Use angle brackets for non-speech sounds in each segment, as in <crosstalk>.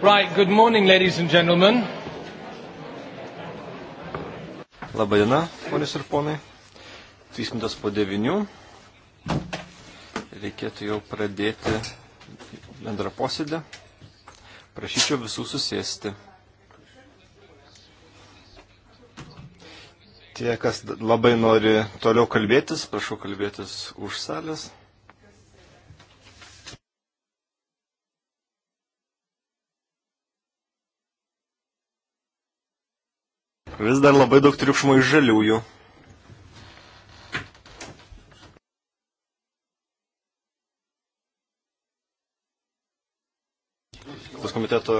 Right, good morning, ladies and gentlemen. Labadiena, ponės ir ponai. 3 minutės po 9. Reikėtų jau pradėti bendrą posėdę. Prašyčiau visų susėsti. Tie, kas labai nori toliau kalbėtis, prašau kalbėtis už salės. Vis dar labai daug triukšmo iš žaliųjų. Kultūros komiteto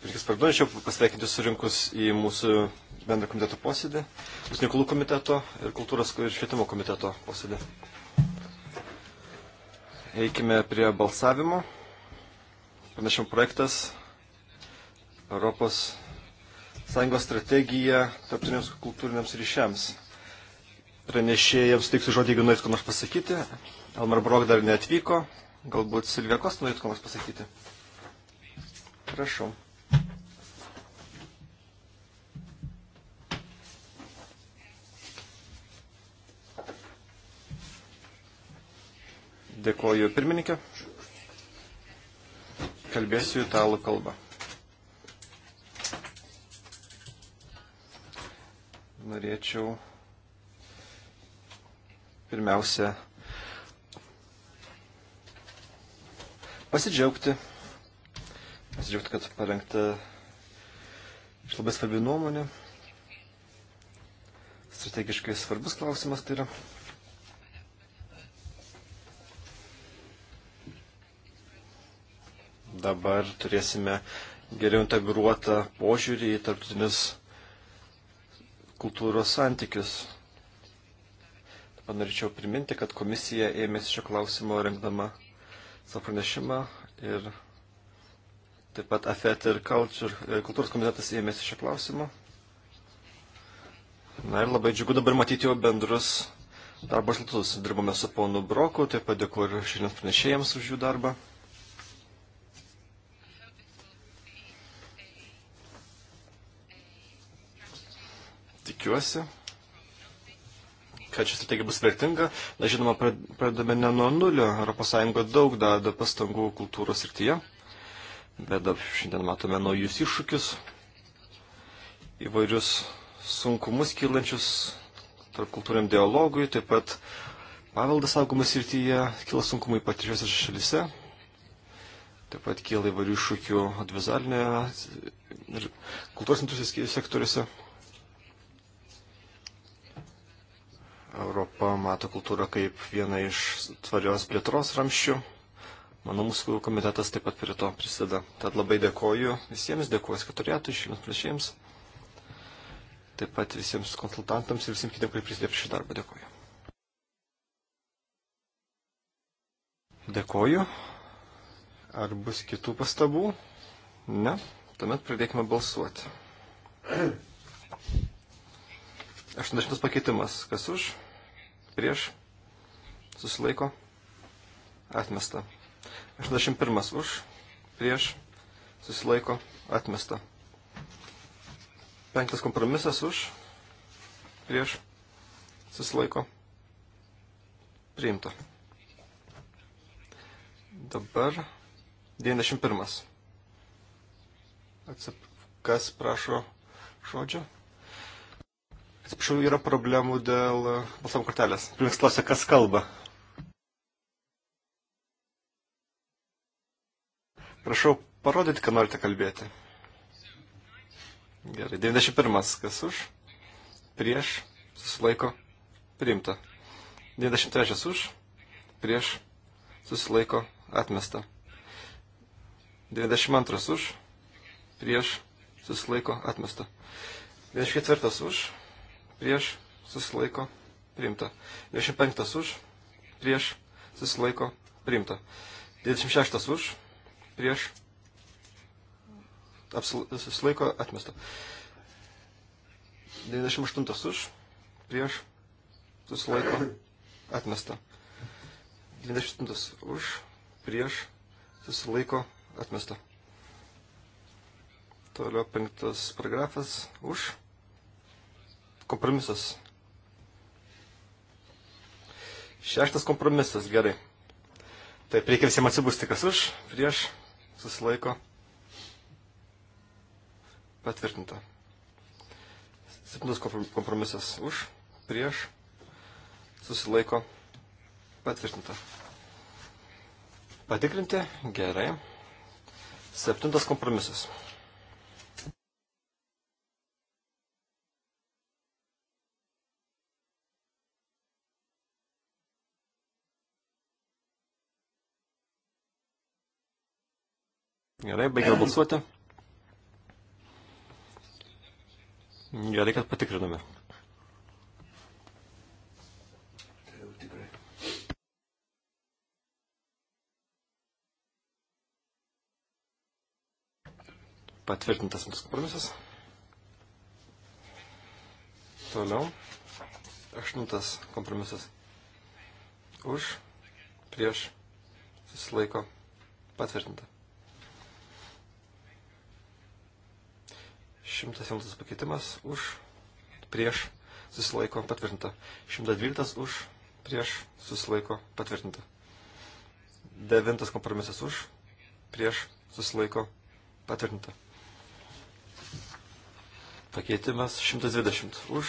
pirkis parduočiau pasveikinti surinkus į mūsų bendrą komiteto posėdį, mūsų Nikolų komiteto ir kultūros ir švietimo komiteto posėdį. Eikime prie balsavimo. Panašiam projektas Europos sąjungos strategiją tarptautiniams kultūriniams ryšiams. Pranešėjams teiksiu žodį, jeigu norėtumėte ką nors pasakyti. Elmar Brok dar neatvyko. Galbūt Silvija Kost norėtų ką nors pasakyti. Prašau. Dėkoju pirmininkė. Kalbėsiu italų kalbą. norėčiau pirmiausia pasidžiaugti, pasidžiaugti, kad parengta iš labai svarbi nuomonė. Strategiškai svarbus klausimas tai yra. Dabar turėsime geriau integruotą požiūrį į tarptautinius kultūros santykius. Panorėčiau priminti, kad komisija ėmėsi šio klausimo rengdama savo pranešimą ir taip pat AFET ir Culture, kultūros komitetas ėmėsi šio klausimo. Na ir labai džiugu dabar matyti jau bendrus darbo šiltus. Dirbame su ponu Broku, taip pat dėkuoju šiandien pranešėjams už jų darbą. Tikiuosi, kad ši strategija bus vertinga. Na, žinoma, pradedame ne nuo nulio. ES daug dada pastangų kultūros srityje, bet šiandien matome naujus iššūkius, įvairius sunkumus kylančius tarp kultūriam dialogui, taip pat paveldas saugomas srityje kyla sunkumai patričiose šalise, taip pat kyla įvairių iššūkių advizalinėje ir kultūros industrijos sektoriuose. Europa mato kultūrą kaip vieną iš tvarios plėtros ramščių. Manau, mūsų komitetas taip pat prie to prisideda. Tad labai dėkoju visiems, dėkoju sekretoriatui, šiems plėšėjams, taip pat visiems konsultantams ir visiems kitiems, kurie prisidėjo prie šį darbą. Dėkoju. Dėkoju. Ar bus kitų pastabų? Ne. Tuomet pradėkime balsuoti. <clears throat> Aštuntas pakeitimas. Kas už? prieš, susilaiko, atmesta. 81 už, prieš, susilaiko, atmesta. Penktas kompromisas už, prieš, susilaiko, priimta. Dabar 91. Atsip, kas prašo žodžio? Atsiprašau, yra problemų dėl e, balsavimo kortelės. Pirmiausia, klausia, kas kalba. Prašau, parodyti, ką norite kalbėti. Gerai, 91. Kas už? Prieš. Susilaiko. Priimta. 93. Už. Prieš. Susilaiko. Atmesta. 92. Už. Prieš. Susilaiko. Atmesta. 24. Už prieš susilaiko priimta. 25 už, prieš susilaiko priimta. 26 už, prieš susilaiko atmesta. 98 už, prieš susilaiko atmesta. 28 už, prieš susilaiko atmesta. Toliau penktas paragrafas už Kompromisas. Šeštas kompromisas, gerai. Taip, reikia visiems atsibusti, kas už, prieš, susilaiko. Patvirtinta. Septintas kompromisas už, prieš, susilaiko. Patvirtinta. Patikrinti, gerai. Septintas kompromisas. Gerai, baigiau balsuoti. Gerai, kad patikriname. Patvirtintas antras kompromisas. Toliau. Aštuntas kompromisas. Už, prieš, susilaiko, patvirtinta. 111 pakeitimas už, prieš, susilaiko patvirtinta. 112 už, prieš, susilaiko patvirtinta. 9 kompromisas už, prieš, susilaiko patvirtinta. Pakeitimas 120 už,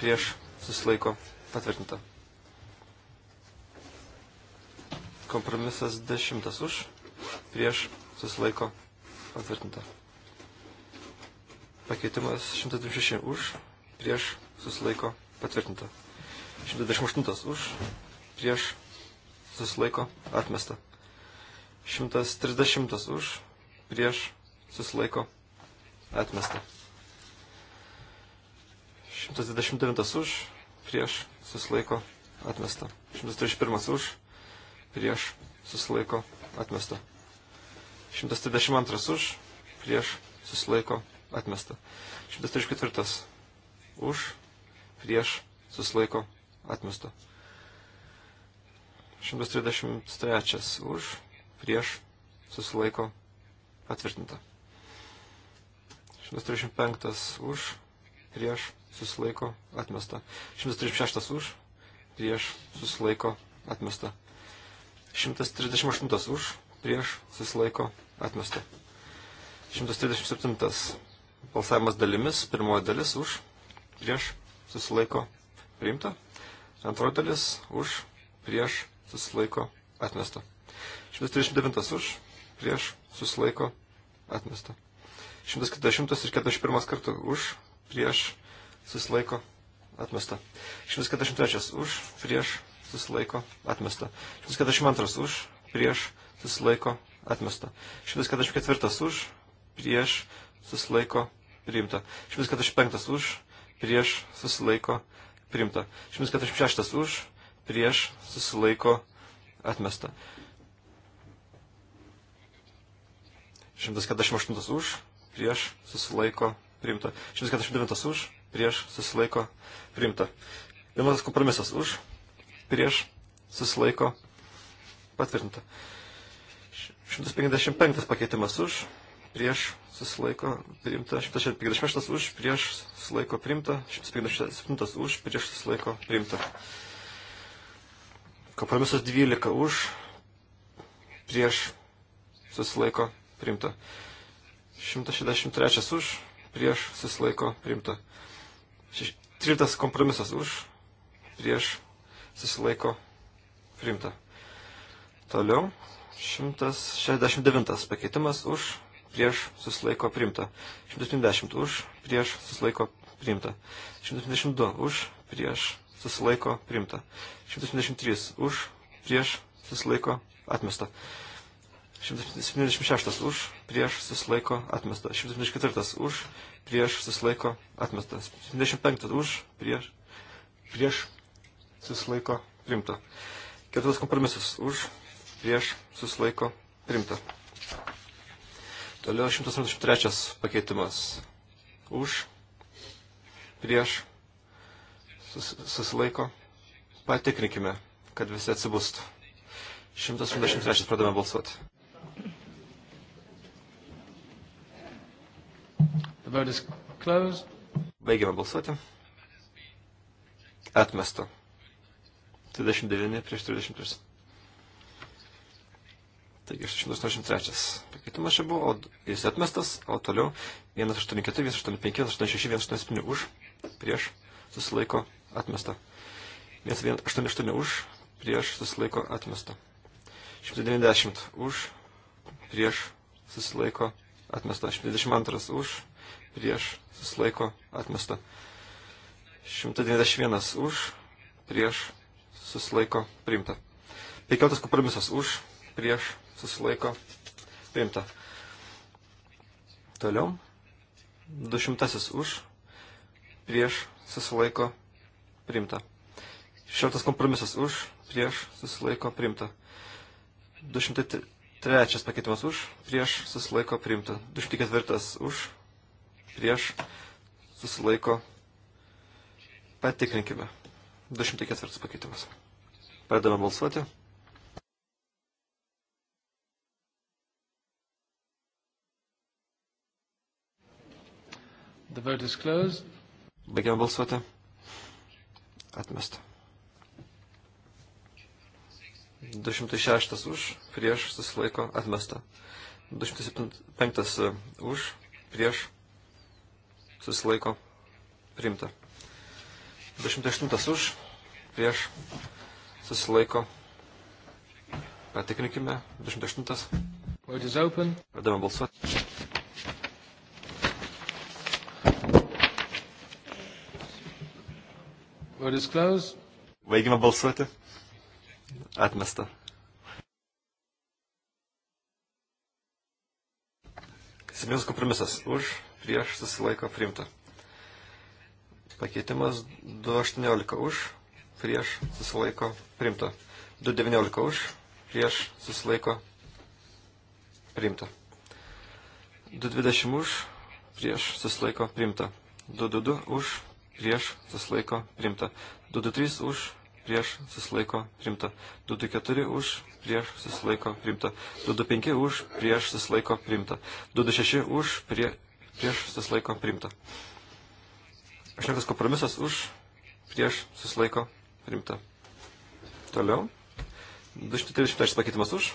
prieš, susilaiko patvirtinta. Kompromisas 10 už, prieš, susilaiko patvirtinta. Pakeitimas 126 už, prieš susilaiko patvirtinta. 128 už, prieš susilaiko atmesta. 130 už, prieš susilaiko atmesta. 129 už, prieš susilaiko atmesta. 131 už, prieš susilaiko atmesta. 132 už, prieš susilaiko atmesta atmesta. 134 už, prieš, susilaiko, atmesta. 133 už, prieš, susilaiko, patvirtinta. 135 už, prieš, susilaiko, atmesta. 136 už, prieš, susilaiko, atmesta. 138 už, prieš, susilaiko, atmesta. 137 Balsavimas dalimis. Pirmoji dalis už, prieš, susilaiko, priimta. Antroji dalis už, prieš, susilaiko, atmesta. 139 už, prieš, susilaiko, atmesta. 140 ir 41 kartų už, prieš, susilaiko, atmesta. 143 už, prieš, susilaiko, atmesta. 142 už, prieš, susilaiko, atmesta. 144 už, prieš, susilaiko priimta. 145 už, prieš susilaiko priimta. 146 už, prieš susilaiko atmesta. 148 už, prieš susilaiko priimta. 149 už, prieš susilaiko priimta. Vienas kompromisas už, prieš susilaiko patvirtinta. 155 pakeitimas už, prieš susilaiko priimta, 156 už, prieš susilaiko priimta, 157 už, prieš susilaiko priimta. Kompromisas 12 už, prieš susilaiko priimta. 163 už, prieš susilaiko priimta. 13 kompromisas už, prieš susilaiko priimta. Toliau 169 pakeitimas už, prieš susilaiko primta. 170 už, prieš susilaiko primta. 172 už, prieš susilaiko primta. 173 už, prieš susilaiko atmesta. 176 už, prieš susilaiko atmesta. 174 už, prieš susilaiko atmesta. 75 už, prieš, prieš susilaiko primta. Ketvirtas kompromisas už, prieš susilaiko primta. Toliau 183 pakeitimas. Už, prieš, sus, susilaiko. Patikrinkime, kad visi atsibustų. 183 pradame balsuoti. The vote is closed. Baigiame balsuoti. Atmesta. 29 prieš 33. Taigi 183 pakeitimas čia buvo, o jis atmestas, o toliau 184, 185, 186, 187 už, prieš, susilaiko, atmesta. 188 už, prieš, susilaiko, atmesta. 190 už, prieš, susilaiko, atmesta. 122 už, prieš, susilaiko, atmesta. 191 už, prieš, susilaiko, priimta. 15 kompromisas už, prieš, susilaiko priimta. Toliau. 200 už, prieš susilaiko priimta. Šimtas kompromisas už, prieš susilaiko priimta. 203 pakeitimas už, prieš susilaiko priimta. 204 už, prieš susilaiko patikrinkime. 204 pakeitimas. Pradame balsuoti. The vote is closed. Baigiam balsuoti. Atmesta. 206 už, prieš, susilaiko, atmesta. 205 e, už, prieš, susilaiko, priimta. 208 už, prieš, susilaiko, patikrinkime, 208. Pradėjome balsuoti. Baigime balsuoti. Atmesta. Sėkmės kompromisas. Už, prieš, susilaiko, priimta. Pakeitimas 2.18 už, prieš, susilaiko, priimta. 2.19 už, prieš, susilaiko, priimta. 2.20 už, prieš, susilaiko, priimta. 2.22 už, prieš susilaiko primta. 223 už prieš susilaiko primta. 224 už prieš susilaiko primta. 225 už prieš susilaiko primta. 226 už prie, prieš susilaiko primta. Aštuntas kompromisas už prieš susilaiko primta. Toliau. 236 pakeitimas už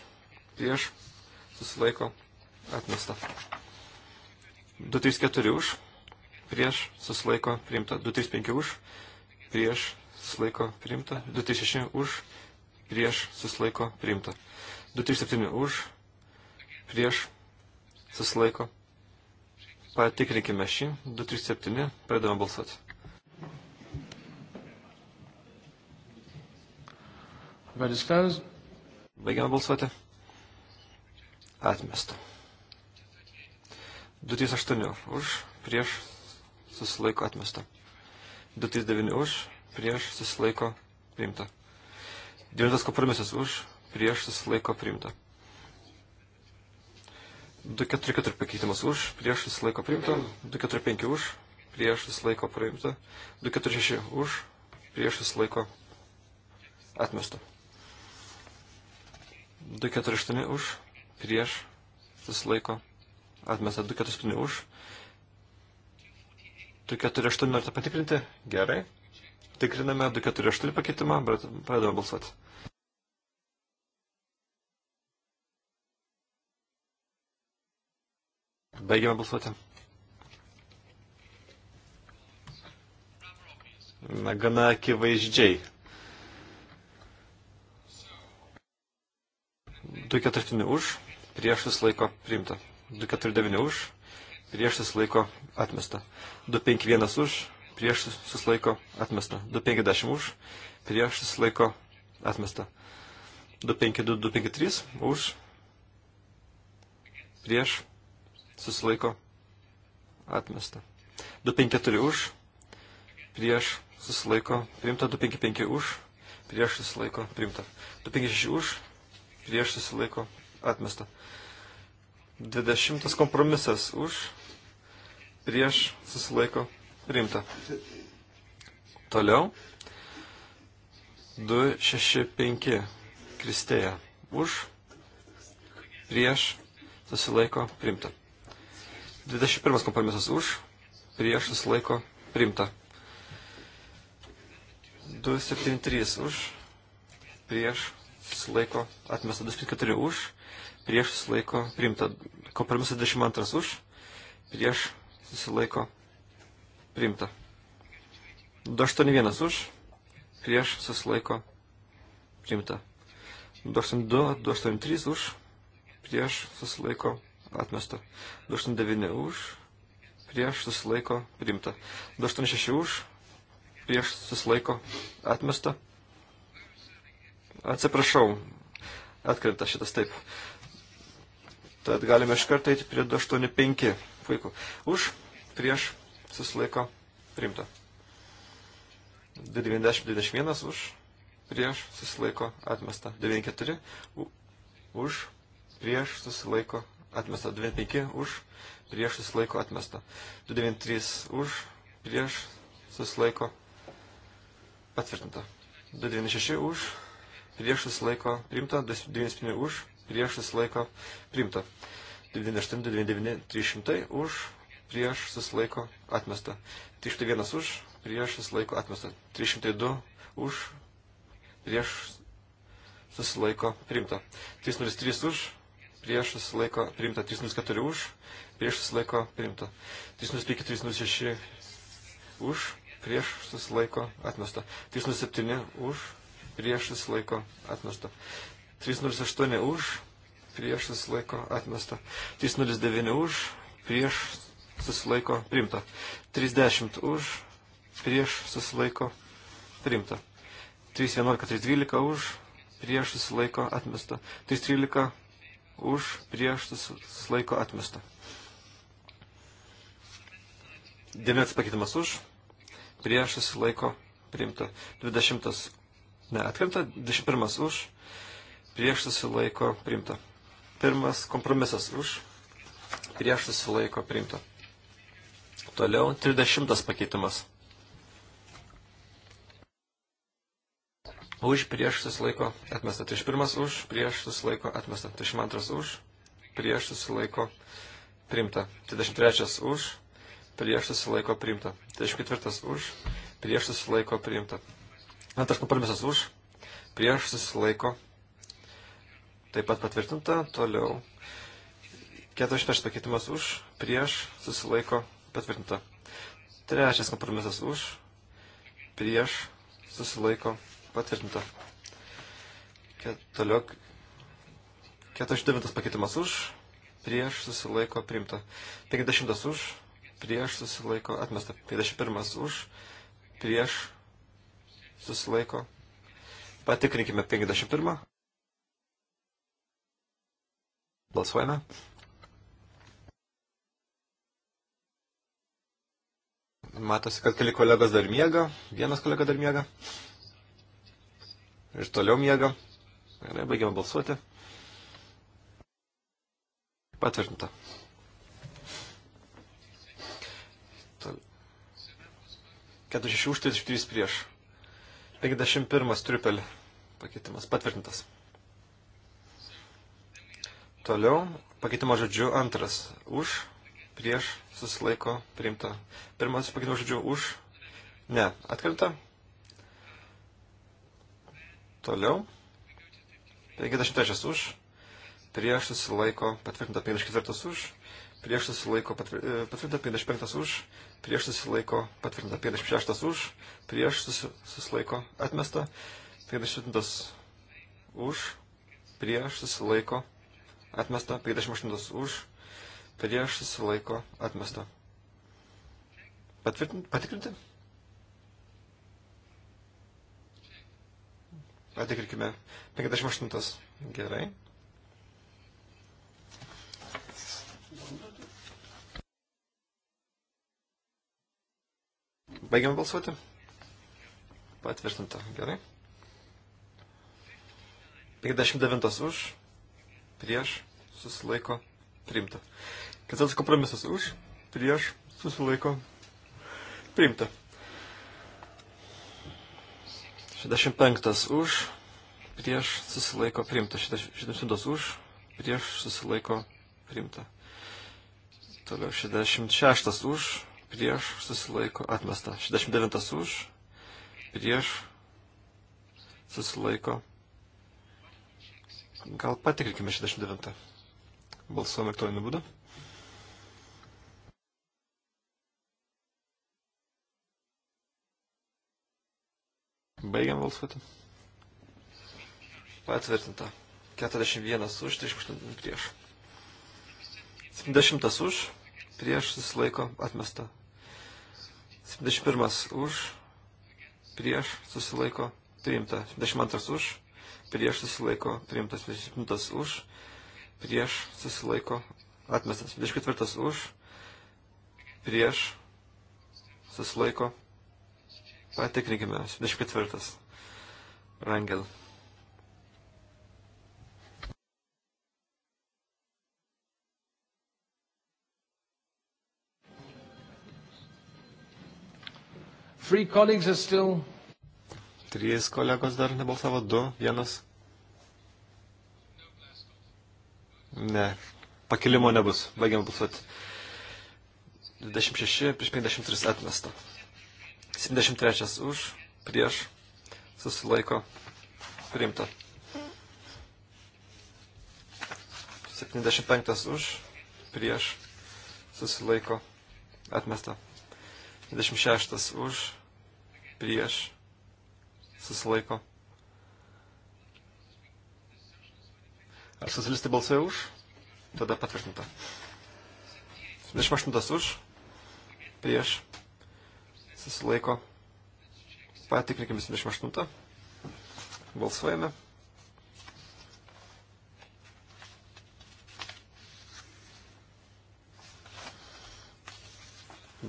prieš susilaiko atmesta. 234 už prieš, susilaiko, priimta. 235 už, prieš, susilaiko, priimta. 236 už, prieš, susilaiko, priimta. 237 už, prieš, susilaiko. Patikrinkime šį. 237, pradėjome balsuoti. Baigiame balsuoti. Atmesta. 238 už, prieš, susilaiko atmesta. 239 už, prieš susilaiko priimta. 9 kompromisas už, prieš susilaiko priimta. 244 pakeitimas už, prieš susilaiko priimta. 245 už, prieš susilaiko priimta. 246 už, prieš susilaiko atmesta. 248 už, prieš susilaiko atmesta. 247 už, 248 norite patikrinti? Gerai. Tikriname 248 pakeitimą, bet pradedame balsuoti. Baigiame balsuoti. Na, gana akivaizdžiai. 247 už, prieš vis laiko priimta. 249 už, prieš susilaiko atmesta. 251 už, prieš susilaiko atmesta. 250 už, prieš susilaiko atmesta. 252, 253 už, prieš susilaiko atmesta. 254 už, prieš susilaiko primta. 255 už, prieš susilaiko primta. 256 už, prieš susilaiko atmesta. 20 kompromisas už, prieš susilaiko rimta. Toliau 265 kristėja už prieš susilaiko rimta. 21 kompromisas už prieš susilaiko rimta. 273 už prieš susilaiko atmesta 254 už prieš susilaiko rimta. Kompromisas 22 už prieš susilaiko priimta. 281 už, prieš susilaiko priimta. 282, 283 už, prieš susilaiko atmesta. 289 už, prieš susilaiko priimta. 286 už, prieš susilaiko atmesta. Atsiprašau, atkrenta šitas taip. Tad galime iš karto eiti prie 285. Puiku. Už, prieš, susilaiko, priimta. 90-21 už, prieš, susilaiko, atmesta. 94 už, prieš, susilaiko, atmesta. 25 už, prieš, susilaiko, atmesta. 293 už, prieš, susilaiko, patvirtinta. 296 už, prieš, susilaiko, priimta. 295 už, prieš, susilaiko, priimta. 98, 99, 300 už, prieš susilaiko atmesta. 301 už, prieš susilaiko atmesta. 302 už, prieš susilaiko primta. 303 už, prieš susilaiko primta. 304 už, prieš susilaiko primta. 305, 306 už, prieš susilaiko atmesta. 307 už, prieš susilaiko atmesta. 308 už, prieš susilaiko atmesta. 309 už, prieš susilaiko primta. 30 už, prieš susilaiko primta. 311, 312 už, prieš susilaiko atmesta. 313 už, prieš susilaiko atmesta. 19 pakeitimas už, prieš susilaiko primta. 20 Ne, atkrenta 21 už, prieš susilaiko primta. Pirmas kompromisas už, prieš susilaiko priimta. Toliau 30 pakeitimas. Už prieš susilaiko atmestat. Iš pirmas už, prieš susilaiko atmestat. Iš antras už, prieš susilaiko primta. 23 už, prieš susilaiko primta. 24 už, prieš susilaiko primta. Antras kompromisas už, prieš susilaiko primta Taip pat patvirtinta. Toliau. 46 pakeitimas už, prieš, susilaiko, patvirtinta. Trečias kompromisas už, prieš, susilaiko, patvirtinta. Ket, toliau. 49 pakeitimas už, prieš, susilaiko, priimta. 50 už, prieš, susilaiko, atmesta. 51 už, prieš, susilaiko. Patikrinkime 51. Balsuojame. Matosi, kad keli kolegos dar miega. Vienas kolega dar miega. Ir toliau miega. Gerai, baigiame balsuoti. Patvirtinta. Tol... 46 už 33 prieš. 51 triupelį pakeitimas patvirtintas. Toliau pakeitimo žodžiu antras. Už, prieš, susilaiko, priimta. Pirmas pakeitimo žodžiu už, ne, atkrenta. Toliau. 53 už, prieš susilaiko, patvirtinta 54 e, už, prieš susilaiko, patvirtinta 55 už, prieš susilaiko, patvirtinta 56 už, prieš susilaiko, atmesta 57 už, prieš susilaiko, atmesta, 58 už, prieš susilaiko atmesta. Patikrinti? Patikrinkime. 58. Gerai. Baigiam balsuoti. Patvirtinta. Gerai. 59 už, prieš, susilaiko, priimta. Ketvirtas kompromisas už, prieš, susilaiko, priimta. 65 už, prieš, susilaiko, priimta. 62 už, prieš, susilaiko, priimta. Toliau 66 už, prieš, susilaiko, atmesta. 69 už, prieš, susilaiko, priimta Gal patikrinkime 69. Balsuojame elektroniniu būdu. Baigiam balsuoti. Patvirtinta. 41 už, 38 prieš. 70 už, prieš susilaiko atmesta. 71 už, prieš susilaiko priimta. 72 už, prieš susilaiko priimtas 27 už, prieš susilaiko atmestas 24 už, prieš susilaiko patikrinkime 24 Rangel. Three colleagues are still Trys kolegos dar nebalsavo, du, vienas. Ne, pakilimo nebus, baigiam balsuoti. 26 prieš 53 atmesta. 73 už, prieš, susilaiko, priimta. 75 už, prieš, susilaiko, atmesta. 26 už, prieš, susilaiko. Ar socialistai balsuoja už? Tada patvirtinta. 28 už, prieš, susilaiko. Patikrinkime 28. Balsuojame.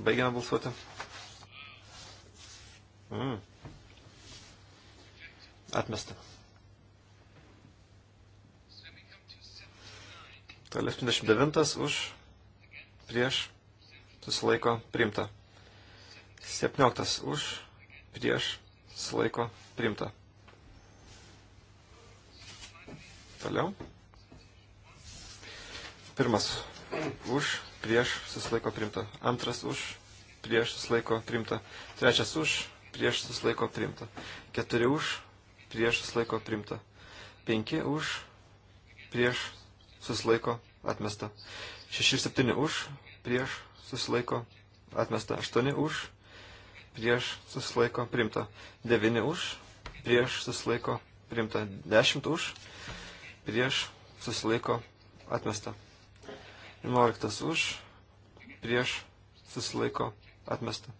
Baigiame balsuoti. Mm. Atmesta. Toliau 79 už prieš susilaiko primta. 17 už prieš susilaiko primta. Toliau. Pirmas už prieš susilaiko primta. Antras už prieš susilaiko primta. Trečias už prieš susilaiko primta. Keturi už prieš susilaiko primta. 5 už, prieš susilaiko atmesta. 6 ir 7 už, prieš susilaiko atmesta. 8 už, prieš susilaiko primta. 9 už, prieš susilaiko primta. 10 už, prieš susilaiko atmesta. 11 už, prieš susilaiko atmesta.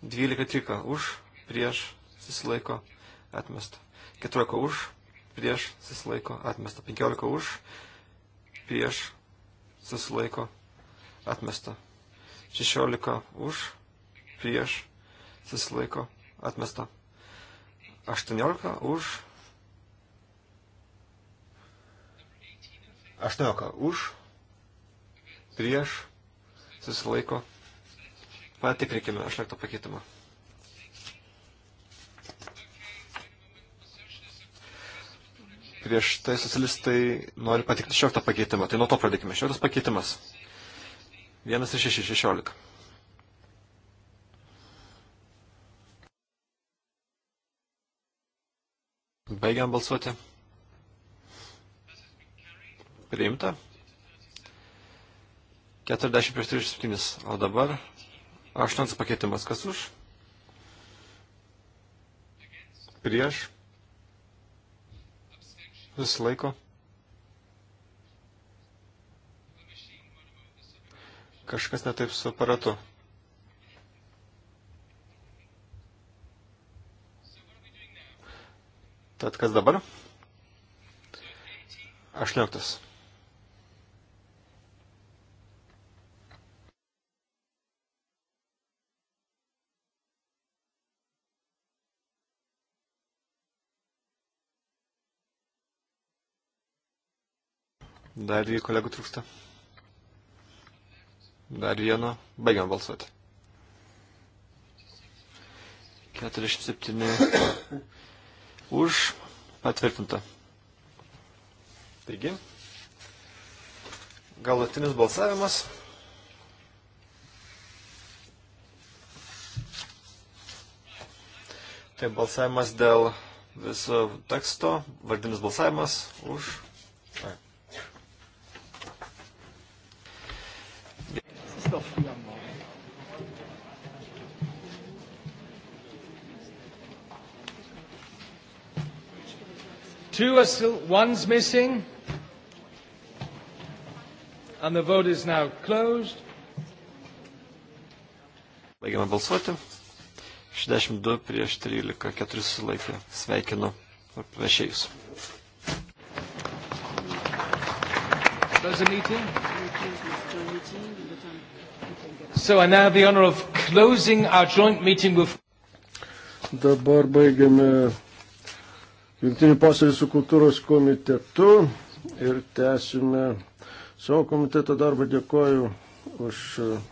12 trika už, prieš susilaiko atmesta. 14 už, prieš susilaiko atmesta. 15 už, prieš susilaiko atmesta. 16 už, prieš susilaiko atmesta. 18 už, 18 už, prieš susilaiko. Patikrinkime, aš lėkto pakeitimą. prieš tai socialistai nori patikti šioktą pakeitimą. Tai nuo to pradėkime. Šioktas pakeitimas. 1 ir 6, 16. Baigiam balsuoti. Priimta. 40 prieš 37. O dabar 8 pakeitimas. Kas už? Prieš susilaiko. Kažkas netaip su aparatu. Tad kas dabar? 18. Dar dviejų kolegų trūksta. Dar vieno. Baigiam balsuoti. 47 už patvirtinta. Taigi, galutinis balsavimas. Tai balsavimas dėl viso teksto, vardinis balsavimas už. Ai. es doch früh am Morgen. Two are still, one's missing. And the vote is now closed. Baigiame balsuoti. 62 prieš 13, 4 sulaikė. Sveikinu pranešėjus. There's a meeting. So I now have the honor of closing our joint meeting with. Dabar baigiame jungtinį posėdį su kultūros komitetu ir tęsime savo komiteto darbą. Dėkoju už.